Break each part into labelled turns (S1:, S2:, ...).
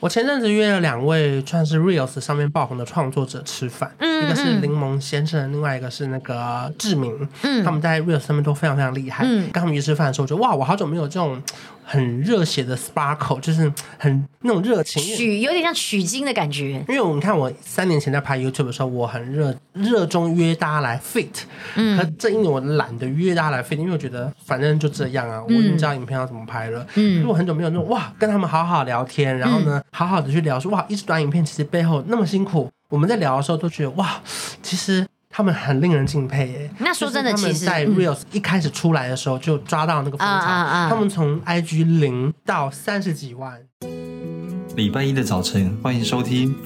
S1: 我前陣子約了兩位算是 reels 上面爆紅的創作者吃飯，嗯、一個是檸檬先生、嗯，另外一個是那個志明，他、嗯、們在 reels 上面都非常非常厲害。嗯、剛他們一吃飯的時候，我覺得哇，我好久沒有這種，很熱血的 sparkle，就是很那種熱情，取
S2: 有點像取經的感覺。因
S1: 為我們看，我三年前在拍 YouTube 的時候，我很熱熱衷約大家來 fit。嗯。可正因為我懶得約大家來 fit，因為我覺得反正就這樣啊，我已經知道影片要怎麼拍了。嗯。因為我很久沒有那種哇，跟他們好好聊天，然後呢，好好的去聊說哇，一支短影片其實背後那麼辛苦。我們在聊的時候都覺得哇，其實。他們很令人敬佩耶、欸！那說真的，就是、其實在 Reels、嗯、一開始出來的時候就抓到
S2: 那個風潮。嗯
S1: 嗯嗯、他們從 IG 零到三十幾萬。
S2: 禮
S1: 拜一的早晨，歡迎收聽。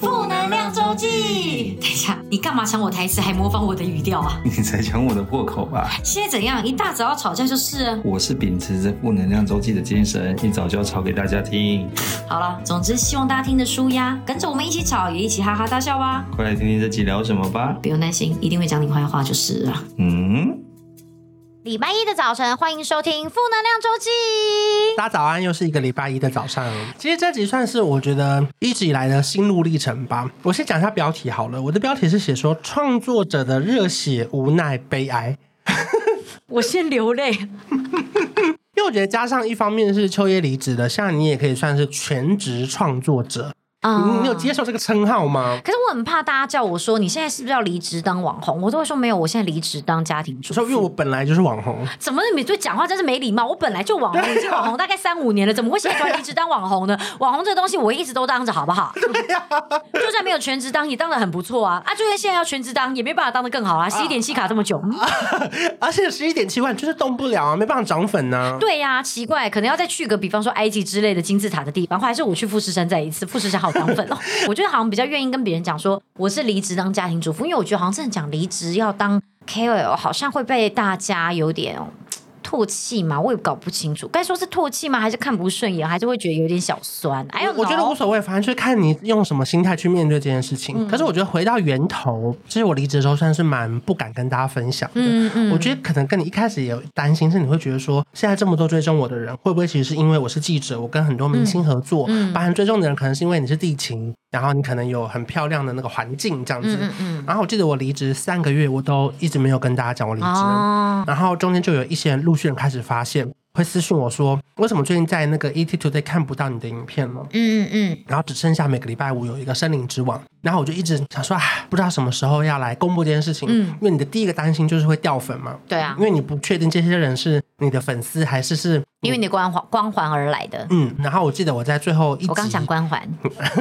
S2: 週記，等一下，你幹嘛搶我台詞還模仿我的語調啊？你在搶我的破口吧？現在怎樣？一大早要吵架就是啊。我是秉持着負能量週記的精神，一早就要吵給大家聽。好了，總之希望大家聽的舒壓，跟着我們一起吵也一起哈哈大笑吧。快來聽聽這集聊什麼吧。不用擔心，一定會講你壞話就是了。嗯。禮拜一的早晨，歡迎收聽《負能量周記》。
S1: 大家早安，又是一個禮拜一的早上。其實這集算是我覺得一直以來的心路歷程吧。我先講一下標題好了，我的標題是寫說，創作者的熱血、無奈、悲哀。
S2: 我先流淚，因為
S1: 我覺得加上一方面是丘曄離職的，像你也可以算是全職創作者。嗯嗯、你有
S2: 接受這個稱號嗎？可是我很怕大家叫我說，你現在是不是要離職當網紅？我都會說沒有，我現在離職當家庭主婦，因為我本來就是網紅。怎麼你這講話真是沒禮貌？我本來就網紅，啊、已經網紅大概三五年了，怎麼會現在突然離職當網紅呢？啊、網紅這個東西我一直都當着，好不好對、啊？就算沒有全職當，也當的很不錯啊！啊，就算現在要全職當，也沒辦法當的更好啊！十一點七卡這麼久，
S1: 而且十一點七萬就是動不了啊，沒辦法漲粉呢、啊。對
S2: 呀、啊，奇怪，可能要再去個比方說埃及之類的金字塔的地方，還是我去富士山再一次？富士山好。養粉哦，我覺得好像比較願意跟別人講說我是離職當家庭主婦，因為我覺得好像真的講離職要當 KOL 好像會被大家有點。唾棄嗎？我也搞不清楚，該說是唾棄嗎？還是看不順眼？還是會覺得有點小酸？哎呦，我覺得無所謂，
S1: 反正就是看你用什麼心態去面對這件事情，嗯。可是我覺得回到源頭，其、就、實、是、我離職的時候算是蠻不敢跟大家分享的，嗯嗯。我覺得可能跟你一開始也有擔心，是你會覺得說，現在這麼多追蹤我的人，會不會其實是因為我是記者，我跟很多明星合作，把、嗯、然、嗯、追蹤的人可能是因為你是地勤，然後你可能有很漂亮的那個環境這樣子，嗯嗯。然後我記得我離職三個月，我都一直沒有跟大家講我離職，啊。然後中間就有一些人陸續。居然開始發現會私信我說，為什麼最近在那個 ET Today 看不到你的影片了？嗯嗯嗯。然後只剩下每個禮拜五有一個森林之王。然後我就一直想說啊，不知道什麼時候要來公布這件事情。嗯。因為你的第一個擔心就是會掉粉嘛。對啊。因為你不確定這些人是你的粉絲還是是因為你光環光環而來的。嗯。然後我記得我在最後一集我剛想光環。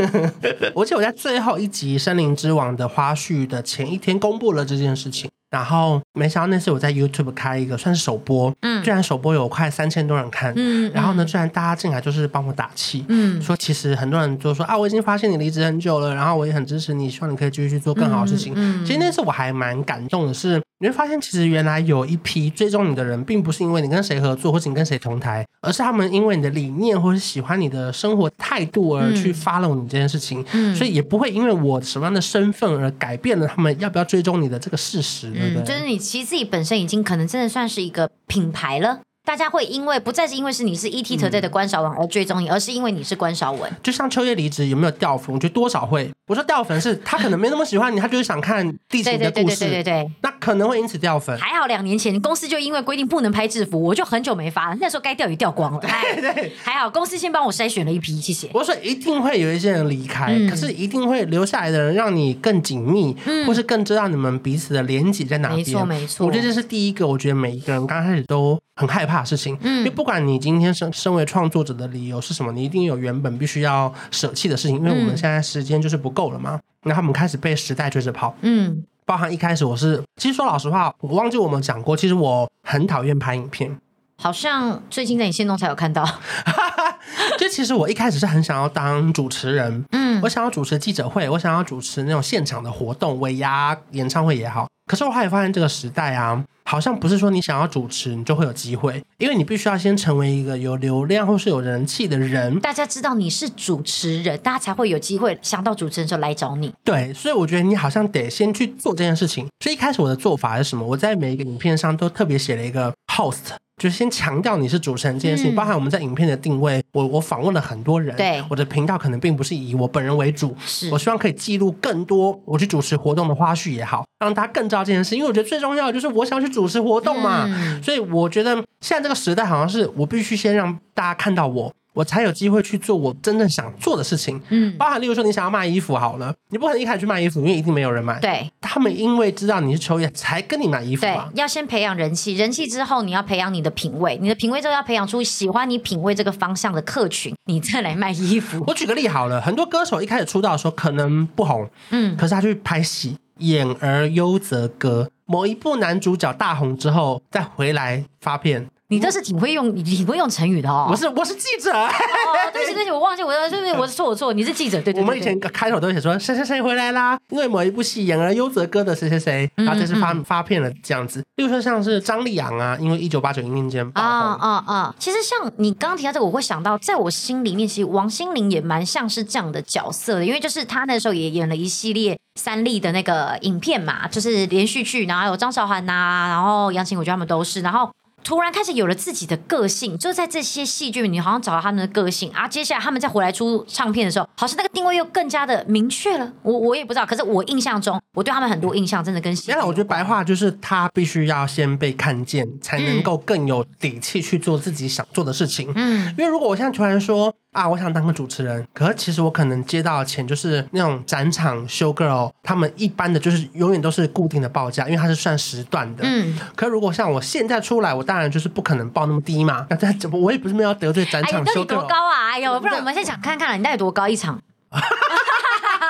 S1: 我記得我在最後一集森林之王的花絮的前一天公布了這件事情。然後沒想到那次我在 YouTube 開一個算是首播，嗯，居然首播有快三千多人看。嗯，然後呢，居然大家進來就是幫我打氣，嗯，說其實很多人都說啊，我已經發現你離職很久了，然後我也很支持你，希望你可以繼續去做更好的事情。嗯，嗯，其實那次我還蠻感動的是，是你會發現其實原來有一批追蹤你的人，並不是因為你跟誰合作或者你跟誰同台，而是他們因為你的理念或是喜歡你的生活態度而去 follow 你這件事情。嗯，嗯，所以也不會因為我什麼樣的身份而改變了他們要不要追蹤你的這個事實。嗯，就是
S2: 你其實自己本身已經可能真的算是一個品牌了。大家會因為不再是因為是你是 ETtoday 的關韶文而追蹤你、嗯，而是因為你是關韶文。
S1: 就像丘曄離職，有沒有掉粉？我覺得多少會，我說掉粉是，是他可能沒那麼喜歡你， 他就是想看地勤的故事。對對對,對,對,對那可能會因此掉粉。
S2: 還好兩年前公司就因為規定不能拍制服，我就很久沒發了。那時候該掉也掉光了。對對,對。還好公司先幫我篩選了一批，謝謝。我說一定會有一
S1: 些人離開、嗯，可是一定會留下來的人讓你更緊密、嗯，或是更知道你們彼此的連結在哪裡。沒錯沒錯。我覺得這是第一個，我覺得每一個人剛開始都很害怕。怕事情，嗯，因為不管你今天身身為創作者的理由是什麼，你一定有原本必須要捨棄的事情，因為我們現在時間就是不夠了嘛。那他們開始被時代追着跑，嗯，包含一開始我是，其實說老實話，我忘記我們講過，其實我很討厭拍影片。
S2: 好像最近在你限動才有看到 。
S1: 就其實我一開始是很想要當主持人。 嗯，我想要主持記者會，我想要主持那種現場的活動，尾牙、演唱會也好。可是我後來發現這個時代啊，好像不是說你想要主持你就會有機會，因為你必須要先成為一個有流量或是有人氣的人，大家知道你是主持人，大家才
S2: 會有機會想到主持人的時候來找你。
S1: 對，所以我覺得你好像得先去做這件事情。所以一開始我的做法是什麼？我在每一個影片上都特別寫了一個 host。就先強調你是主持人這件事情，嗯，包含我們在影片的定位。我我訪問了很多人，對，我的頻道可能並不是以我本人為主。是，我希望可以記錄更多我去主持活動的花絮也好，讓大家更知道這件事。因為我覺得最重要的就是我想要去主持活動嘛，嗯，所以我覺得現在這個時代好像是我必須先讓大家看到我。我才有機會去做我真正想做的事情，嗯，包含例如說你想要賣衣服好了，你不可能一開始去賣衣服，因為一定沒有人買。對，他們因為知道你是抽菸才跟你買衣服。對，
S2: 要先培養人氣，人氣之後你要培養你的品味，你的品味之後要培養出喜歡你品味這個方向的客群，你再來賣衣
S1: 服。我舉個例好了，很多歌手一開始出道的時候可能不紅，嗯，可是他去拍戲，演而優則歌，某一部男主角大紅之後再回來發片。你這是挺會用，
S2: 挺會用成語的哦。不是，我是記者。 哦，哦，對不起，對不起，我忘記，我就是我錯，我錯。你是記
S1: 者，對對、對。 我們以前開頭都會寫說誰誰誰回來啦，因為某一部戲演了優則歌的誰誰誰，然後這是發嗯嗯發片了這樣子。例如說像是張立昂啊，因為《1989一念間》爆
S2: 紅啊啊啊。其實像你剛剛提到這個，我會想到，在我心裡面，其實王心凌也蠻像是這樣的角色的，因為就是她那時候也演了一系列三立的那個影片嘛，就是連續劇，然後有張韶涵吶、啊，然後楊晴我覺得他們都是，然後。突然開始有了自己的個性，就在這些戲劇裡，你好像找到他們的個性啊。接下來他們再回來出唱片的時候，好像那個定位又更加的明確了。我我也不知道，可是我印象中，我對他們很多印象真的跟。原來
S1: 我覺得白話就是他必須要先被看見，才能夠更有底氣去做自己想做的事情。嗯，嗯因為如果我現在突然說。啊，我想當個主持人，可是其實我可能接到的錢就是那種展場 show girl，他們一般的就是永遠都是固定的報價，因為他是算時段的。嗯，可如果像我現在出來，我當然就是不可能報那麼低嘛。那這我我也不是沒有得罪展場 show girl。哎，你到
S2: 底多高啊？哎呦，不然我們先想看看你到底多高一場？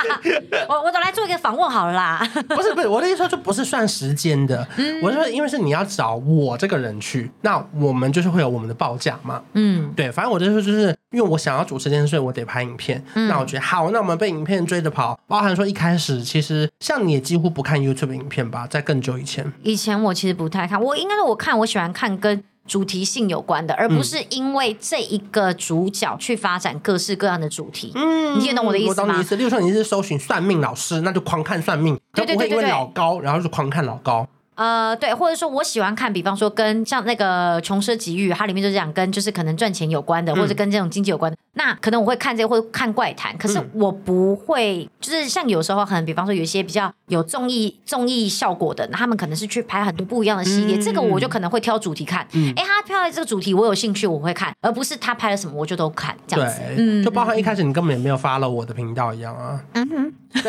S2: 我我都來做一個訪問好了啦 不，不是不是我的意思說，就不是算
S1: 時間的。嗯、我是說因為是你要找我這個人去，那我們就是會有我們的報價嘛。嗯，對，反正我就是就是因為我想要主持電視，所以我得拍影片。嗯、那我覺得好，那我們被影片追着跑，包含說一開始其實像你也幾乎不看 YouTube 影片吧，在更久以前，
S2: 以前我其實不太看，我應該是我看我喜歡看跟。主題性有關的，而不是因為這一個主角去發展各式各樣的主題。嗯，你也懂我的意思嗎？我懂你的意思。
S1: 例如說你是搜尋算命老師，那就狂看算命，就不會因為老高，然後就狂看老高。
S2: 呃，對，或者說，我喜歡看，比方說，跟像那個《窮奢極慾》，它裡面就是講跟就是可能賺錢有關的，嗯、或者跟這種經濟有關的。那可能我會看這個，會看怪談。可是我不會，嗯、就是像有時候，可能比方說，有一些比較有綜藝綜藝效果的，他們可能是去拍很多不一樣的系列。嗯、這個我就可能會挑主題看。哎、嗯，他拍了這個主題，我有興趣，我會看，而不是他拍了什麼，我就都看這樣子。對，嗯、就包括一開始
S1: 你根本也沒有 follow 我的頻道一樣啊。嗯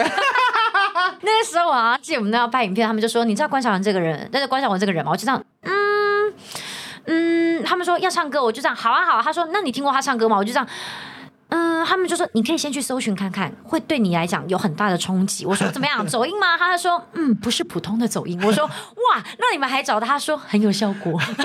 S2: 那時候我記得我們都要拍影片，他們就說，你知道關韶文這個人，但是關韶文這個人嘛，我就這樣，嗯嗯，他們說要唱歌，我就這樣，好啊好啊，他說那你聽過他唱歌嗎？我就這樣，嗯。他們就說：“你可以先去搜尋看看，會對你來講有很大的衝擊。”我說：“怎麼樣？走音嗎？” 他就說：“嗯，不是普通的走音。”我說：“哇，那你們還找到？”他說：“很有效果。 ”我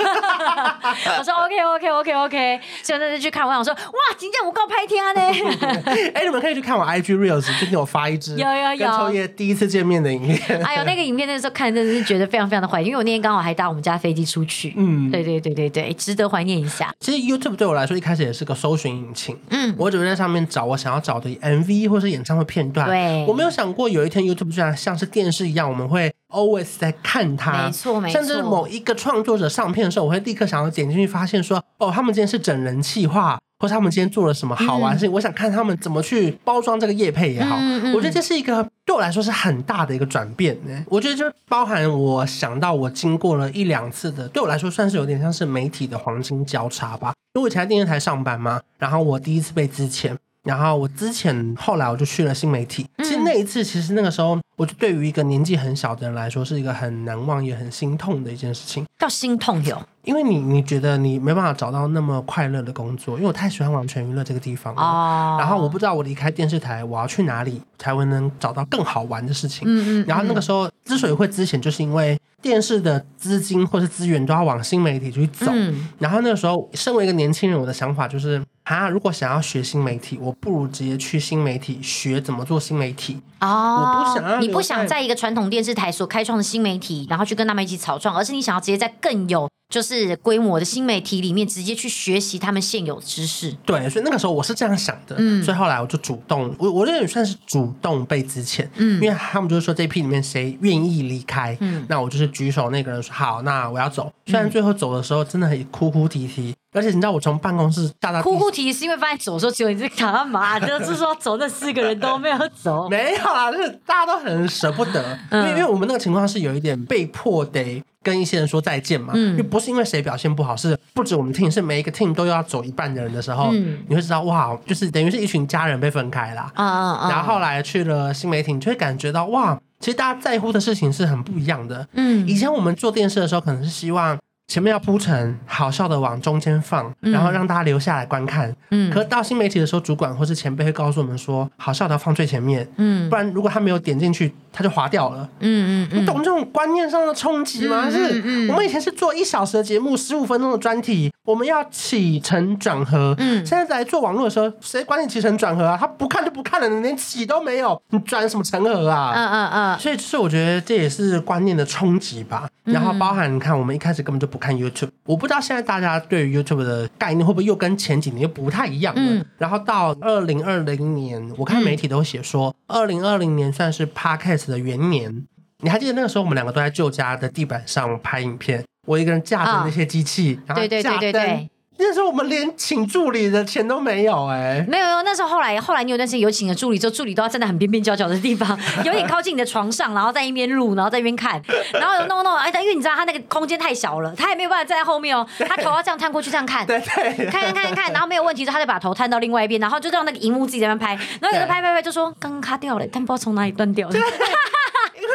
S2: 說：“OK，OK，OK，OK。OK, OK, OK, OK ”所以那就去看，我想說：“哇，今天我夠拍天呢、
S1: 啊！”哎， 你們可以去看我 IG reels，就給我發一支有有有跟丘曄第一次見面的影片。有有有 哎呦，那
S2: 個影片那時候看真的是覺得非常非常的懷念，因為我那天剛好還搭我們家飛機出去。嗯，對對對對對，值得懷念一下。其
S1: 實 YouTube 對我來說一開始也是個搜尋引擎。嗯，我準備在上。上面找我想要找的 MV 或是演唱會片段。我沒有想過有一天 YouTube 就像像是電視一樣，我們會 always 在看它。甚至某一個創作者上片的時候，我會立刻想要點進去，發現說，哦，他們今天是整人企劃。或者他們今天做了什麼好玩的事情？我想看他們怎麼去包裝這個葉配也好，我覺得這是一個對我來說是很大的一個轉變呢、欸。我覺得就包含我想到我經過了一兩次的，對我來說算是有點像是媒體的黃金交叉吧。因為我以前在電視台上班嘛，然後我第一次被之前。然後我之前後來我就去了新媒體。其實那一次，其實那個時候，我就對於一個年紀很小的人來說，是一個很難忘也很心痛的一件事情。叫心痛有，因為你你覺得你沒辦法找到那麼快樂的工作，因為我太喜歡完全娛樂這個地方了。哦。然後我不知道我離開電視台，我要去哪裡才會能找到更好玩的事情。嗯嗯。然後那個時候之所以會之前，就是因為電視的資金或是資源都要往新媒體去走。然後那個時候，身為一個年輕人，我的想法就是。啊！如果想要學新媒體，我不如直接去新媒體學怎麼做新媒體。
S2: 哦，Oh，我不想，你不想在一個傳統電視台所開創的新媒體，然後去跟他們一起草創，而是你想要直接在更有。就是規模的新媒體裡面，直接去學習他們現有知識。
S1: 對，所以那個時候我是這樣想的，嗯，所以後來我就主動，我我認為算是主動被資遣，嗯，因為他們就是說這一批裡面誰願意離開，嗯，那我就是舉手那個人，說好，那我要走。雖然最後走的時候真的很哭哭啼啼，而且你知道我從辦公室大
S2: 哭哭啼啼，是因為發現走的時候只有你在幹嘛？就是說走 那四個人都沒有走， 沒有啊，就是大家都很
S1: 捨不得、 嗯，因為因為我們那個情況是有一點被迫的。跟一些人說再見嘛、嗯，又不是因為誰表現不好，是不止我們 team，是每一個 team 都要走一半的人的時候，嗯、你會知道哇，就是等於是一群家人被分開啦、
S2: 啊。啊、哦哦哦，然後後
S1: 來去了新媒體，你就會感覺到哇，其實大家在乎的事情是很不一樣的。嗯，以前我們做電視的時候，可能是希望。前面要鋪陳好笑的，往中間放，然後讓大家留下來觀看。嗯，可到新媒體的時候，主管或是前輩會告訴我們說，好笑的要放最前面，嗯，不然如果他沒有點進去，他就滑掉了。嗯，嗯嗯，你懂這種觀念上的衝擊嗎？嗯嗯嗯是，我們以前是做一小時的節目，十五分鐘的專題。我們要起承轉合。嗯，現在在做網絡的時候，誰管你起承轉合啊？他不看就不看了，你連起都沒有，你轉什麼承合啊？嗯嗯嗯。所以就是我覺得這也是觀念的衝擊吧。然後包含你看，我們一開始根本就不看 YouTube，我不知道現在大家對於 YouTube 的概念會不會又跟前幾年又不太一樣了。然後到二零二零年，我看媒體都寫說二零二零年算是 Podcast 的元年。你還記得那個時候，我們兩個都在舊家的地板上拍影片。我一個人架着那些機器，哦、然後對對、對、對、對，那
S2: 時候我們連請助理的錢都沒有哎、欸，沒有那時候後來，後來你有段時間有請了助理，之後助理都要站在很邊邊角角的地方，有點靠近你的床上，然後在一邊錄，然後在一邊看，然後有弄弄哎，但因為你知道他那個空間太小了，他也沒有辦法站在後面哦，他頭要這樣探過去這樣看，對對、對，看看看看，然後沒有問題之後，他就把頭探到另外一邊，然後就讓那個熒幕自己在那邊拍，然後給他拍拍拍，就說剛剛卡掉了，但不知道從哪裡斷掉了。對對對。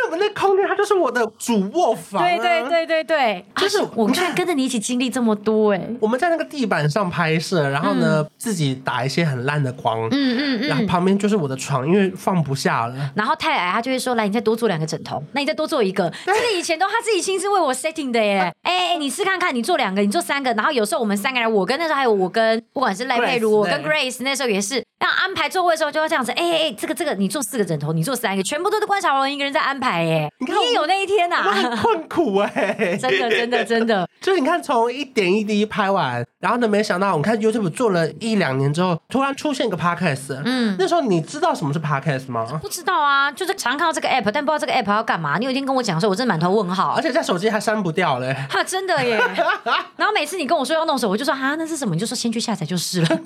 S2: 我們那空間，它就是我的主臥房。對對對對對，就是我看跟着你一起經歷這麼多哎。我們在那個地
S1: 板上拍攝，然後呢自己打一些很爛的光。嗯嗯嗯，然後旁邊就是我的床，因為放不下了。
S2: 然後太矮，他就會說：“來，你再多坐兩個枕頭，那你再多坐一個。”這是以前都他自己親自為我 setting 的耶。哎，你試看看，你坐兩個，你坐三個。然後有時候我們三個人，我跟那時候還有我跟不管是賴佩如，我跟 Grace 那時候也是，要安排座位的時候就會這樣子。哎哎哎，這個這個，你坐四個枕頭，你坐三個，全部都是關韶文一個人在安排。哎，你看，一定有那一天吶、啊，我很困苦哎、欸， 真的，真的，真的，就是你看，從一點一滴拍完，然後呢，
S1: 沒想到，我們看 YouTube 做了一兩年之後，突然出現一個 Podcast，嗯，那時候你知道什麼是 Podcast 嗎？不
S2: 知道啊，就是常看到這個 App，但不知道這個 App 要幹嘛。你有一天跟我講說，我真的滿頭問號，而且在手機還刪不掉嘞、欸，哈，真的耶。 然後每次你跟我說要弄什麼，我就說哈、啊，那是什麼？你就說先去下載就是了，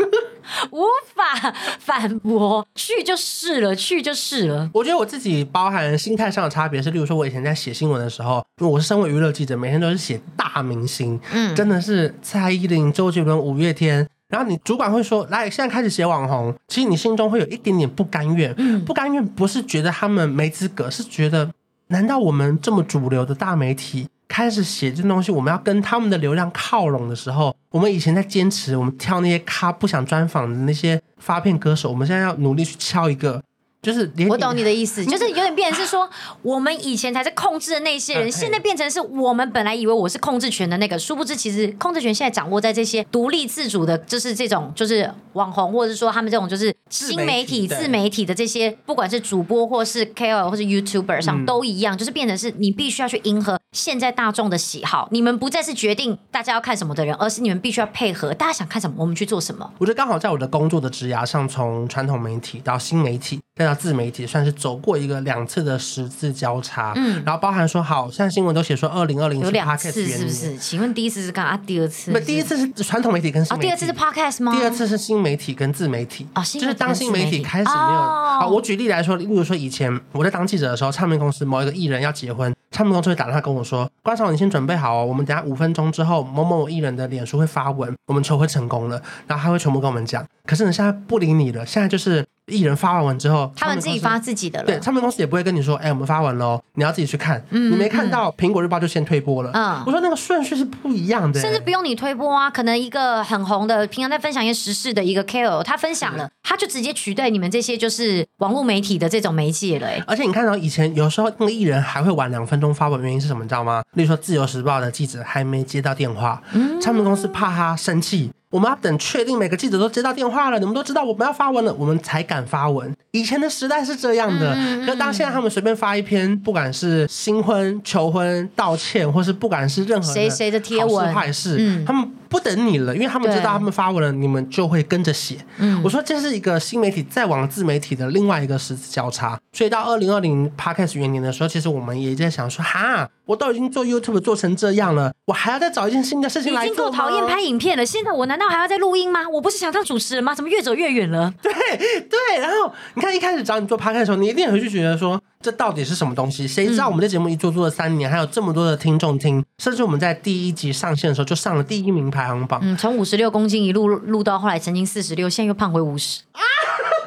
S2: 無法反駁，去就
S1: 是了，去就是了。我覺得我自己包含心態上的。 差別是，例如說，我以前在寫新聞的時候，我是身為娛樂記者，每天都是寫大明星，嗯，真的是蔡依林、周杰倫、五月天。然後你主管會說：“來，現在開始寫網紅。”其實你心中會有一點點不甘願，嗯，不甘願不是覺得他們沒資格，是覺得難道我們這麼主流的大媒體開始寫這東西，我們要跟他們的流量靠攏的時候，我們以前在堅持，我們挑那些咖不想專訪的那些發片歌手，我們現在要努力去敲一個。就是我懂你的意思，就是有點變成是
S2: 說， 我們以前才是控制的那些人， 現在變成是我們本來以為我是控制權的那個，殊不知其實控制權現在掌握在這些獨立自主的，就是這種就是網紅，或者是說他們這種就是。媒新媒體、自媒體的這些，不管是主播或是 KOL 或者 YouTuber 上、嗯、都一樣，就是變成是你必須要去迎合現在大眾的喜好。你們不再是決定大家要看什麼的人，而是你們必須要配合大家想看什麼，我們去做什麼。
S1: 我覺得剛好在我的工作的職涯上，從傳統媒體到新媒體再到自媒體，算是走過一個兩次的十字交叉。嗯，然後包含說，好像新聞都寫說2020是 podcast 元年，二零二零有兩次，是不是？
S2: 請問第一次是幹啊？第二次？不是，第一次
S1: 是傳統媒體跟啊、哦，第二次是
S2: podcast 嗎？第二
S1: 次是新媒體跟自媒體
S2: 啊、哦，就是。當新媒體開始沒有啊，我舉
S1: 例來說，例如說以前我在當記者的時候，唱片公司某一個藝人要結婚，唱片公司會打電話跟我說：“關少，你先準備好哦，我們等下五分鐘之後某某藝人的臉書會發文，我們求婚成功了，然後他會全部跟我們講。”可是你現在不理你了，現在就是。藝人發完文之後，他們自己發自己的了。對，唱片公司也不會跟你說，哎、欸，我們發完哦，你要自己去看。嗯、你沒看到《蘋、嗯、果日報》就先推播了、嗯。我說那個順序是不一樣的、欸，甚至
S2: 不用你推播啊。可能一個很紅的，平常在分享一些時事的一個 KOL 他分享了、嗯，他就直接取代你們這些就是網絡媒體的這種媒介了、欸。而
S1: 且你看到以前有時候那個藝人還會晚兩分鐘發文，原因是什麼？你知道嗎？例如說《自由時報》的記者還沒接到電話，唱、嗯、片公司怕他生氣。我們要等確定每個記者都接到電話了，你們都知道我們要發文了，我們才敢發文。以前的時代是這樣的，嗯、可當現在他們隨便發一篇，不管是新婚、求婚、道歉，或是不管是任何
S2: 好事誰誰的貼文、壞事，他們。
S1: 不等你了，因為他們知道他們發文了，你們就會跟着寫、嗯。我說這是一個新媒體再往自媒體的另外一個十字交叉，所以到二零二零 Podcast 元年的時候，其實我們也在想說，哈，我都已經做 YouTube 做成這樣了，我還要再找一件新的事情來做嗎？你已經夠討厭拍
S2: 影片了，現在我難道還要再錄音嗎？我不是想當主持人嗎？怎麼越走越遠
S1: 了？對對，然後你看一開始找你做 Podcast 的時候，你一定也會去覺得說。這到底是什麼東西？誰知道我們的節目一做做了三年、嗯，還有這麼多的聽眾聽，甚至我們在第一集上線的時候就上了第一名排行榜。嗯，從五十六公
S2: 斤一路錄到後來，曾經四十六，現在又胖回五十。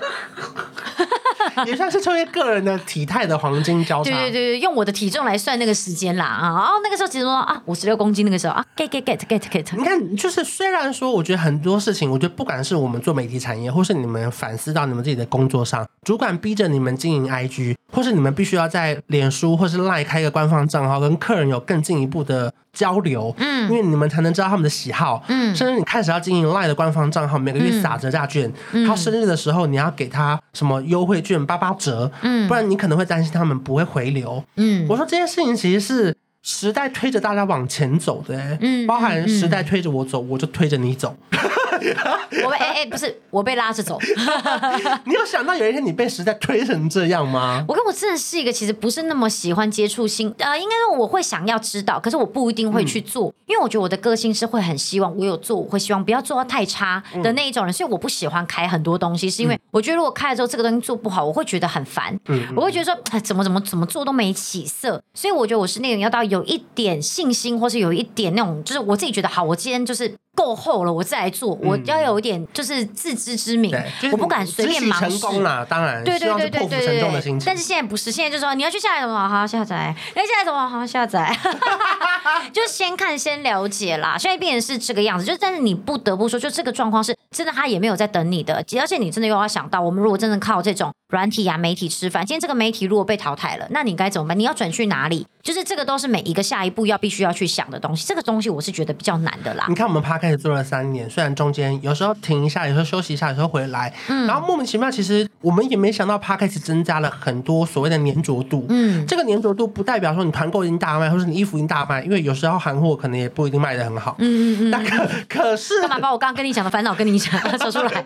S2: 也算是
S1: 成為個人的體態的黃金交叉。對對
S2: 對，用我的體重來算那個時間啦啊！哦，那個時候其實說啊五十六公斤，那個時候啊 get get get get get。你看，就是雖然說，我覺
S1: 得很多事情，我覺得不管是我們做媒體產業，或是你們反思到你們自己的工作上，主管逼着你們經營 IG，或是你們必須要在臉書或是賴開一個官方賬號，跟客人有更進一步的。交流，嗯，因為你們才能知道他們的喜好，嗯，甚至你開始要經營 LINE 的官方賬號，每個月撒折價券，嗯，他生日的時候你要給他什麼優惠券八八折，嗯，不然你可能會擔心他們不會回流，嗯，我說這件事情其實是時代推着大家往前走的、欸，嗯，包含時代推着我走、嗯，我就推着你走。
S2: 我被哎哎、欸欸，不是我被拉着走。 你有想到有一天你被時代推成這樣嗎？我跟我真的是一個，其實不是那麼喜歡接觸新，呃，應該說我會想要知道，可是我不一定會去做，嗯、因為我覺得我的個性是會很希望，我有做，我會希望不要做到太差的那一種人、嗯。所以我不喜歡開很多東西，是因為我覺得如果開了之後這個東西做不好，我會覺得很煩。嗯，我會覺得說、呃、怎麼怎麼怎麼做都沒起色，所以我覺得我是那種要到有一點信心，或是有一點那種，就是我自己覺得好，我今天就是。落後了，我再來做，我要有一點就是自知之明，我、嗯就是、不敢隨便盲試。成功了、啊，當然，對對對,對,對,對,對是但是現在不是，現在就是說你要去下載什麼，好好下載；你要下載什麼，好好下載。哈哈 就先看，先了解啦。現在變成是這個樣子，就是，但是你不得不說，就這個狀況是真的，他也沒有在等你的，而且你真的又要想到，我們如果真的靠這種軟體啊、媒體吃飯，今天這個媒體如果被淘汰了，那你該怎麼辦？你要轉去哪裡？就是這個都是每一個下一步要必須要去想的東西，這個東西我是覺得比較難的啦。
S1: 你看我們 Podcast 做了三年，雖然中間有時候停一下，有時候休息一下，有時候回來，嗯，然後莫名其妙，其實我們也沒想到 Podcast 增加了很多所謂的粘着度。嗯，這個粘着度不代表說你團購已經大賣，或是你衣服已經大賣，因為有時候韓貨可能也不一定賣得很好，嗯
S2: 嗯嗯。但可可是幹嘛把我剛剛跟你講的煩惱跟你講說 出來？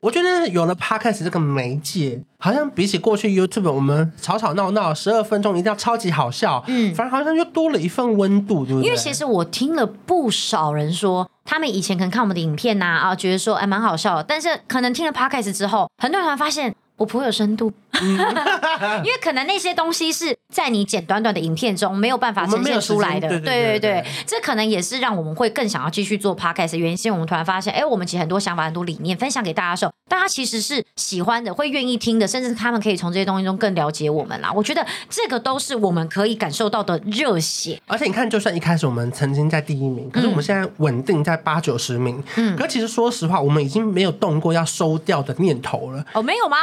S1: 我覺得有了 Podcast 這個媒介，好像比起過去 YouTube，我們吵吵鬧鬧十二分鐘一定要超級好笑。嗯，反正好像又多了一份溫度、嗯，對不對？因為其
S2: 實我聽了不少人說，他們以前可能看我們的影片吶啊，啊，覺得說哎蠻好笑，但是可能聽了 Podcast 之後，很多人突然發現我頗有深度。 因為可能那些東西是在你簡短短的影片中沒有辦法呈現出來的，對對對，對， 這可能也是讓我們會更想要繼續做 podcast 的原因。我們突然發現，哎、欸，我們其實很多想法、很多理念分享給大家的時候，大家其實是喜歡的，會願意聽的，甚至他們可以從這些東西中更了解我們啦。我覺得這個都是我們可以感受到的熱血。而且你看，就算一開始
S1: 我們曾經在第一名，可是我們現在穩定在八九十名，嗯，可是其實說實話，我們已經沒有動過要收掉的念頭
S2: 了。哦，沒有嗎？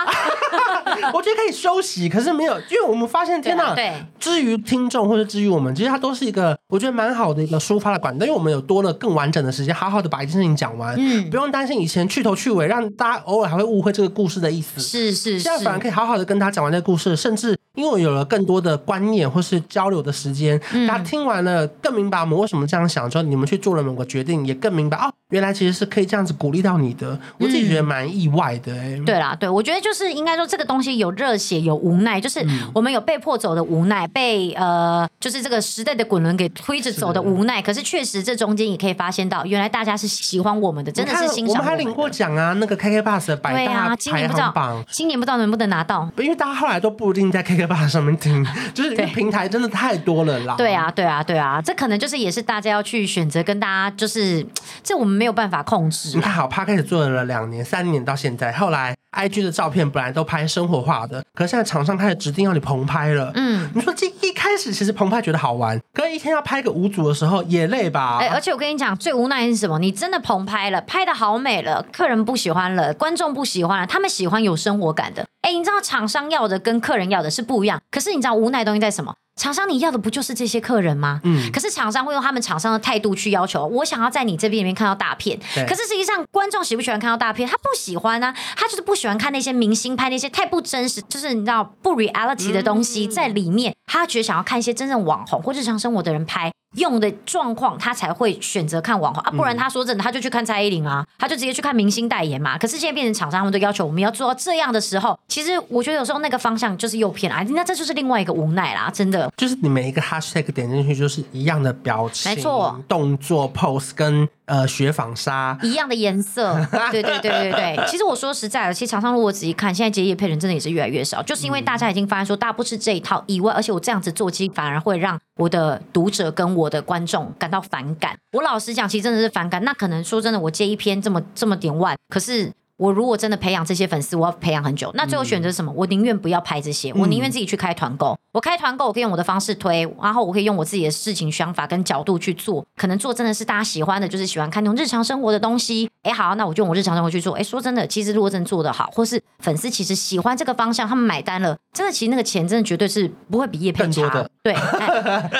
S1: 我覺得可以休息，可是沒有，因為我們發現，天吶、啊！對，至於聽眾或者至於我們，其實它都是一個我覺得蠻好的一個抒發的管道。因為我們有多了更完整的時間，好好的把一件事情講完，嗯，不用擔心以前去頭去尾，讓大家偶爾還會誤會這個故事的意思。
S2: 是是、是，現在反而可以
S1: 好好的跟他講完這個故事，甚至因為我有了更多的觀念或是交流的時間，大家聽完了更明白我們為什麼這樣想，嗯。之後你們去做了某個決定，也更明白哦。原來其實是可以這樣子鼓勵到你的，我自己覺得蠻意外的哎、欸嗯。
S2: 對啦，對我覺得就是應該說這個東西有熱血，有無奈，就是我們有被迫走的無奈，嗯、被呃就是這個時代的滾輪給推着走的無奈。是，可是確實這中間也可以發現到，原來大家是喜歡我們的，真的是欣賞我們的我們還
S1: 領過獎啊，那個 k k b u s 的對、啊、今年排行棒，
S2: 今年不知道能不能拿到，
S1: 因為大家後來都不一定在 k k b u s 上面聽，就是平台真的太多了啦對對、啊。對啊，
S2: 對啊，對啊，這可能就是也是大家要去選擇跟大家，就是這我們。沒有辦法控
S1: 制。不太好，他開始做了兩年、三年到現在，後來 I G 的照片本來都拍生活化的，可是現在廠商開始指定要你棚拍了。嗯，你說這一開始其實棚拍覺得好玩，可是一天要拍個五組的時候也累吧？哎，而
S2: 且我跟你講，最無奈的是什麼？你真的棚拍了，拍得好美了，客人不喜歡了，觀眾不喜歡了，他們喜歡有生活感的。哎，你知道廠商要的跟客人要的是不一樣。可是你知道無奈的東西在什麼？廠商你要的不就是這些客人嗎？嗯，可是廠商會用他們廠商的態度去要求，我想要在你這邊裡面看到大片。可是實際上，觀眾喜不喜歡看到大片？他不喜歡啊，他就是不喜歡看那些明星拍那些太不真實，就是你知道不 reality 的東西，嗯，在裡面。他覺得想要看一些真正網紅或日常生活的人拍。用的狀況，他才會選擇看網紅啊，不然他說真的，嗯、他就去看蔡依林啊，他就直接去看明星代言嘛。可是現在變成廠商他們都要求我們要做到這樣的時候，其實我覺得有時候那個方向就是誘騙啦，那這就是另外一個無奈啦，真的。就
S1: 是你每一個 hashtag 點進去就是一樣的表情，沒錯，動作 pose 跟。呃，雪紡紗一
S2: 樣的顏色，對對對對對。 其實我說實在的，其實常常如果我仔細看，現在接業配人真的也是越來越少，就是因為大家已經發現說大家不吃這一套以外，嗯，而且我這樣子做其實反而會讓我的讀者跟我的觀眾感到反感。我老實講，其實真的是反感。那可能說真的，我接一篇這麼這麼點萬，可是。我如果真的培養這些粉絲，我要培養很久。那最後選擇什麼？嗯、我寧願不要拍這些，我寧願自己去開團購、嗯。我開團購，我可以用我的方式推，然後我可以用我自己的事情想法跟角度去做。可能做真的是大家喜歡的，就是喜歡看那種日常生活的東西。哎、欸，好、啊，那我就用我日常生活去做。哎、欸，說真的，其實如果真的做得好，或是粉絲其實喜歡這個方向，他們買單了，真的，其實那個錢真的絕對是不會比業配差。對，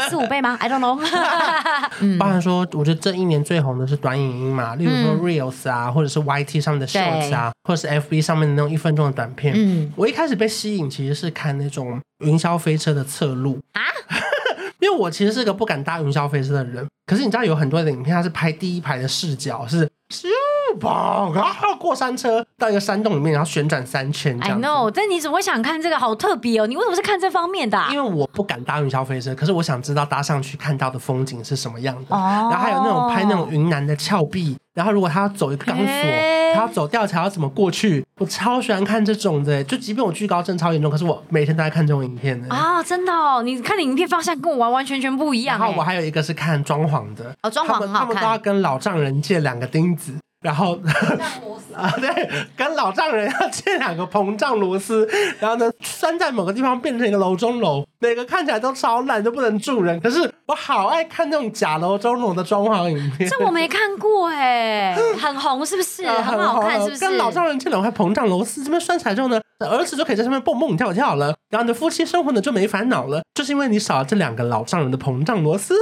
S2: 四五 倍嗎？I don't know、 嗯。
S1: 包含說，我覺得這一年最紅的是短影音嘛，例如說 Reels 啊，嗯、或者是 YT 上的 Shorts。啊，或者是 FB 上面的那種一分鐘的短片，嗯、我一開始被吸引其實是看那種雲霄飛車的側錄，啊， 因為我其實是個不敢搭雲霄飛車的人。可是你知道有很多的影片，它是拍第一排的視角，是秀棒啊！過山車到一個山洞裡面，然後旋轉三圈。這樣。n
S2: o 但你怎麼會想看這個？好特別哦！你為什麼是看這方面的？因為
S1: 我不敢搭雲霄飛車，可是我想知道搭上去看到的風景是什麼樣的。然後還有那種拍那種雲南的峭壁，然後如果他要走一個鋼索，他要走吊橋要怎麼過去？我超喜歡看這種的、欸，就即便我懼高症超嚴重，可是我每天都在看這種影片呢。
S2: 啊！真的哦，你看的影片方向跟我完完全全不一樣。然後我
S1: 還有一個是看裝潢。哦，裝潢很好看，他們，他們都要跟老丈人借兩個釘子。然後膨脹螺絲啊，對， 跟老丈人要借兩個膨脹螺絲，然後呢，拴在某個地方變成一個樓中樓，每個看起來都超爛，都不能住人。可是我好愛看這種假樓中樓的裝潢影片。這我
S2: 沒看過哎，很紅是不是、 啊？很好看是不是？跟老丈
S1: 人借兩塊膨脹螺絲，這邊拴起來之後呢，兒子就可以在上面蹦蹦跳跳了。然後你的夫妻生活呢就沒煩惱了，就是因為你少了這兩個老丈人的膨脹螺
S2: 絲。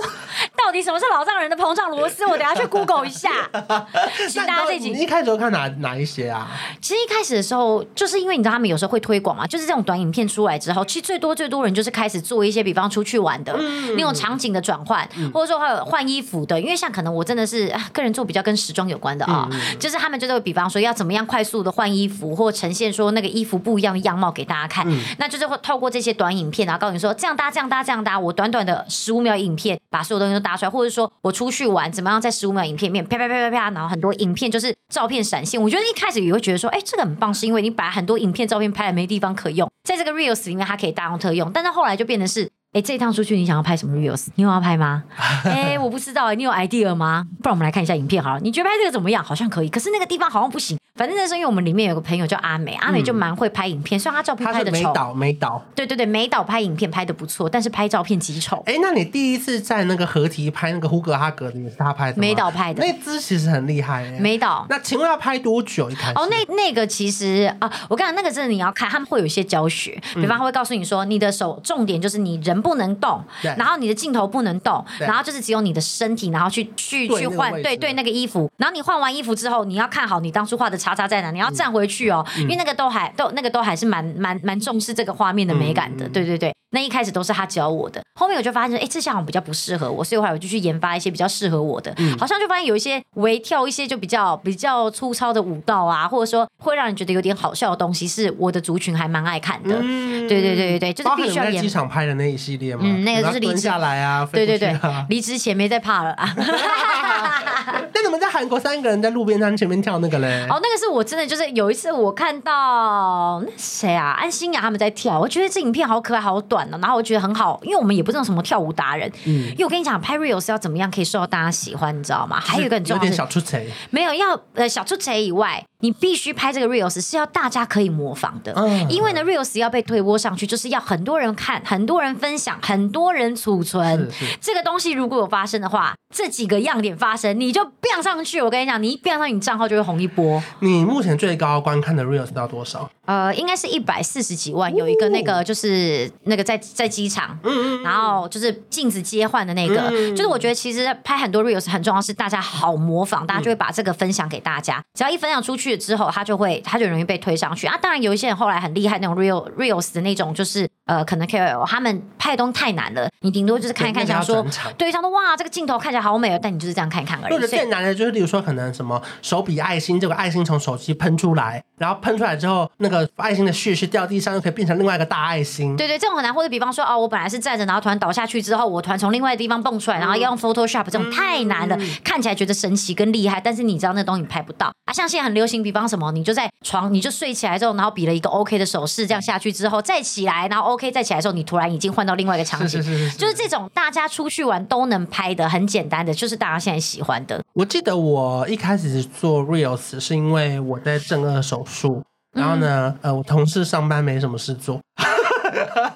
S2: 到底什麼是老丈人的膨脹螺絲？我等下去 Google 一下。 你一開始看哪哪一些啊？其實一開始的時候，就是因為你知道他們有時候會推廣嘛，就是這種短影片出來之後，其實最多最多人就是開始做一些比方出去玩的，那種場景的轉換，或者說還有換衣服的，因為像可能我真的是個人做比較跟時裝有關的啊，就是他們就會比方說要怎麼樣快速的換衣服，或呈現說那個衣服不一樣的樣貌給大家看，那就是會透過這些短影片啊，然後告訴你說，這樣搭這樣搭這樣搭，我短短的十五秒影片。把所有東西都搭出來，或者說，我出去玩怎麼樣？在十五秒影片裡面，啪啪啪啪啪啪，然後很多影片就是照片閃現。我覺得一開始也會覺得說，哎，這個很棒，是因為你把很多影片照片拍了沒地方可用，在這個 reels 裡面它可以大用特用。但是後來就變成是，哎，這一趟出去你想要拍什麼 reels？你有要拍嗎？哎， 我不知道欸，你有 idea 嗎？不然我們來看一下影片好了。你覺得拍這個怎麼樣？好像可以，可是那個地方好像不行。反正那時候，因為我們裡面有個朋友叫阿美，阿美就蠻會拍影片，雖然她照片拍的醜。錯。美導美導，對對對，美導拍影片拍的不錯，但是拍照片極醜。哎、欸，那你第一次在那個合體拍那個胡格哈格，你是他拍的嗎？美導拍的，那支其實很厲害、欸。美導。那請問要拍多久一？哦，那那個其實啊，我剛才那個真的你要看，他們會有一些教學，比方他會告訴你說，嗯、你的手重點就是你人不能動，然後你的鏡頭不能動，然後就是只有你的身體，然後去去去換，對、那個、對,對，那個衣服，然後你換完衣服之後，你要看好你當初畫的場。差在哪裡？你要站回去哦，嗯嗯、因為那個都還都那個都還是蠻蠻蠻重視這個畫面的美感的，嗯、對對對。那一開始都是他教我的，後面我就發現，哎、欸，這項好像比較不適合我，所以後來我就去研發一些比較適合我的、嗯。好像就發現有一些微跳，一些就比較比較粗糙的舞蹈啊，或者說會讓人覺得有點好笑的東西，是我的族群還蠻愛看的。對、嗯、對對對對，就是必須要演，你在機場
S1: 拍的那一系列嘛、嗯，那個就是蹲下來啊，對對對，
S2: 離職、啊、前沒在怕了。那 你們在韓國三個人在路邊攤前面跳那個嘞？哦、oh,，那個是我真的就是有一次我看到那誰啊，安心亞他們在跳，我覺得這影片好可愛，好短。然後我覺得很好，因為我們也不是什麼跳舞達人。嗯，因為我跟你講，拍 reels 要怎麼樣可以受到大家喜歡，你知道嗎？就是、還有一個很重要的就是有點小出差沒有要，呃，小出差以外，你必須拍這個 reels 是要大家可以模仿的。嗯，因為呢 reels 要被推播上去，就是要很多人看，很多人分享，很多人儲存。這個東西如果有發生的話，這幾個樣點發生，你就變上去。我跟你講，你一變上去，你賬號就會紅一波。
S1: 你目前最高觀看的 reels 到多少？
S2: 呃，應該是一百四十幾萬，哦、有一個那個就是那個在在機場，嗯、然後就是鏡子切換的那個，嗯、就是我覺得其實拍很多 reels 很重要，是大家好模仿，大家就會把這個分享給大家，嗯、只要一分享出去之後，它就會，它就，就容易被推上去啊。當然有一些人後來很厲害那種 reels reels 的那種就是。呃，可能 KOL 他們拍的東西太難了，你頂多就是看一看，想要說，要對於想說，哇，這個鏡頭看起來好美啊，但你就是這樣看一看而已。對，
S1: 更難的就是，例如說可能什麼手比愛心，這個愛心從手機噴出來，然後噴出來之後，那個愛心的碎屑掉地上又可以變成另外一個大愛心。對對，對，
S2: 這種很難。或者比方說，哦，我本來是站着，然後突然倒下去之後，我突然從另外一個地方蹦出來，然後要用 Photoshop 這種太難了，看起來覺得神奇跟厲害，但是你知道那東西你拍不到啊。像現在很流行，比方什麼，你就在床，你就睡起來之後，然後比了一個 OK 的手勢，這樣下去之後再起來，然後 OK。可以再起來的時候，你突然已經換到另外一個場景，是是是是，就是這種大家出去玩都能拍的很簡單的，就是大家現在喜歡的。
S1: 我記得我一開始做 Reels 是因為我在正顎手術，然後呢、嗯，呃，我同事上班沒什麼事做。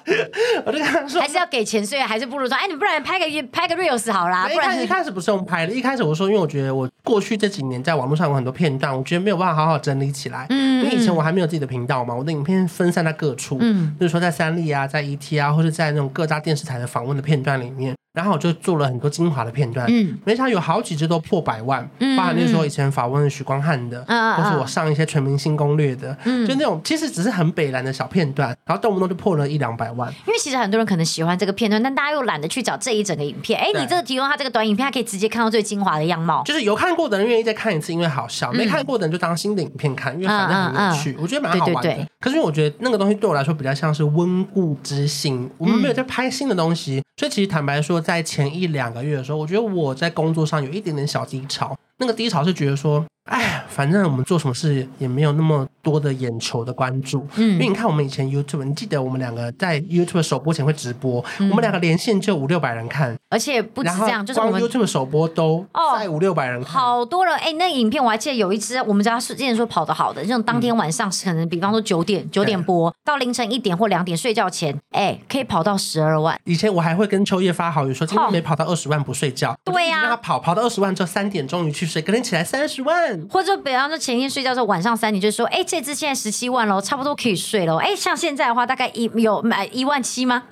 S2: 我就跟他說他，還是要給錢，所以還是不如說，哎，你不然拍個拍個 reels 好啦。不然一開
S1: 始不是用拍的，一開始我說，因為我覺得我過去這幾年在網絡上有很多片段，我覺得沒有辦法好好整理起來、嗯，因為以前我還沒有自己的頻道嘛，我的影片分散在各處，就、嗯、是說在三立啊，在 ET 啊，或者在那種各大電視台的訪問的片段裡面。然後我就做了很多精華的片段，嗯，沒想到有好幾支都破百萬，嗯，包含那時候以前訪問許光漢的，嗯，或都是我上一些全民星攻略的，嗯，就那種其實只是很北藍的小片段，嗯，然後動不動就破了一兩百萬。
S2: 因為其實很多人可能喜歡這個片段，但大家又懶得去找這一整個影片，哎，你這個提供他這個短影片，他可以直接看到最精華的樣貌。就是有看過的人願意再看一次，因為好笑，嗯，沒看
S1: 過的人就當新的影片看，因為反正很有趣，嗯，我覺得蠻好玩的對對對。可是因為我覺得那個東西對我來說比較像是溫故知新，我們沒有在拍新的東西，嗯，所以其實坦白說，在前一兩個月的時候，我覺得我在工作上有一點點小低潮。那個低潮是覺得說，哎，反正我們做什麼事也沒有那麼多的眼球的關注，嗯，因為你看我們以前 YouTube，你記得我們兩個在 YouTube 首播前會直播，嗯、我們兩個連線就五六百人看，
S2: 而且不止這樣，就是我們 YouTube
S1: 首播都在五六百人看，哦、好
S2: 多人，哎、欸，那個、影片，我還記得有一支，我們家是之前說跑得好的，這種當天晚上可能，比方說九點九、嗯、點播、啊、到凌晨一點或兩點睡覺前，哎、欸，可以跑到十
S1: 二萬。以前我還會跟丘曄發好友說，今天沒跑到二十萬不睡覺，對、哦、呀，那他跑、啊、跑到二十萬就三點終於去睡，可能起來三十萬，
S2: 或者比方說前一天睡覺的時候，晚上三點就說，哎、欸，這只現在十七萬嘍，差不多可以睡了。哎、欸，像現在的話，大概一有買萬 一萬七嗎？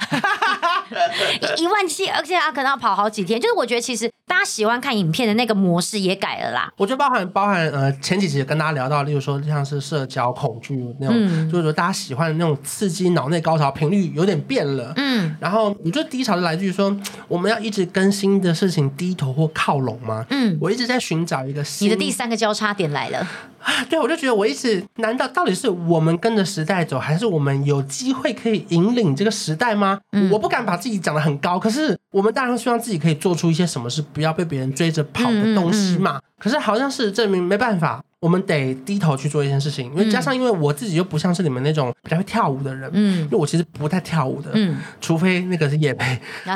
S2: 一萬七，而且阿、啊、可能要跑好幾天。就是我覺得其實。大家喜歡看影片的那個模式也改了啦。
S1: 我覺得包含包含呃，前幾集跟大家聊到，例如說像是社交恐懼那種，嗯、就是說大家喜歡的那種刺激腦內高潮頻率有點變了。嗯，然後你這低潮的來自於說我們要一直跟新的事情低頭或靠攏嗎？嗯，
S2: 我一直在尋
S1: 找一個新你的第
S2: 三個交叉點來了。
S1: 啊，對啊，我就覺得我一直，難道到底是我們跟着時代走，還是我們有機會可以引領這個時代嗎？嗯、我不敢把自己講得很高，可是我們當然希望自己可以做出一些什麼事，不要被別人追着跑的東西嘛、嗯嗯嗯。可是好像事實證明沒辦法，我們得低頭去做一件事情。因為加上，因為我自己又不像是你們那種比較會跳舞的人，嗯，因為我其實不太跳舞的，嗯，除非那個是業配。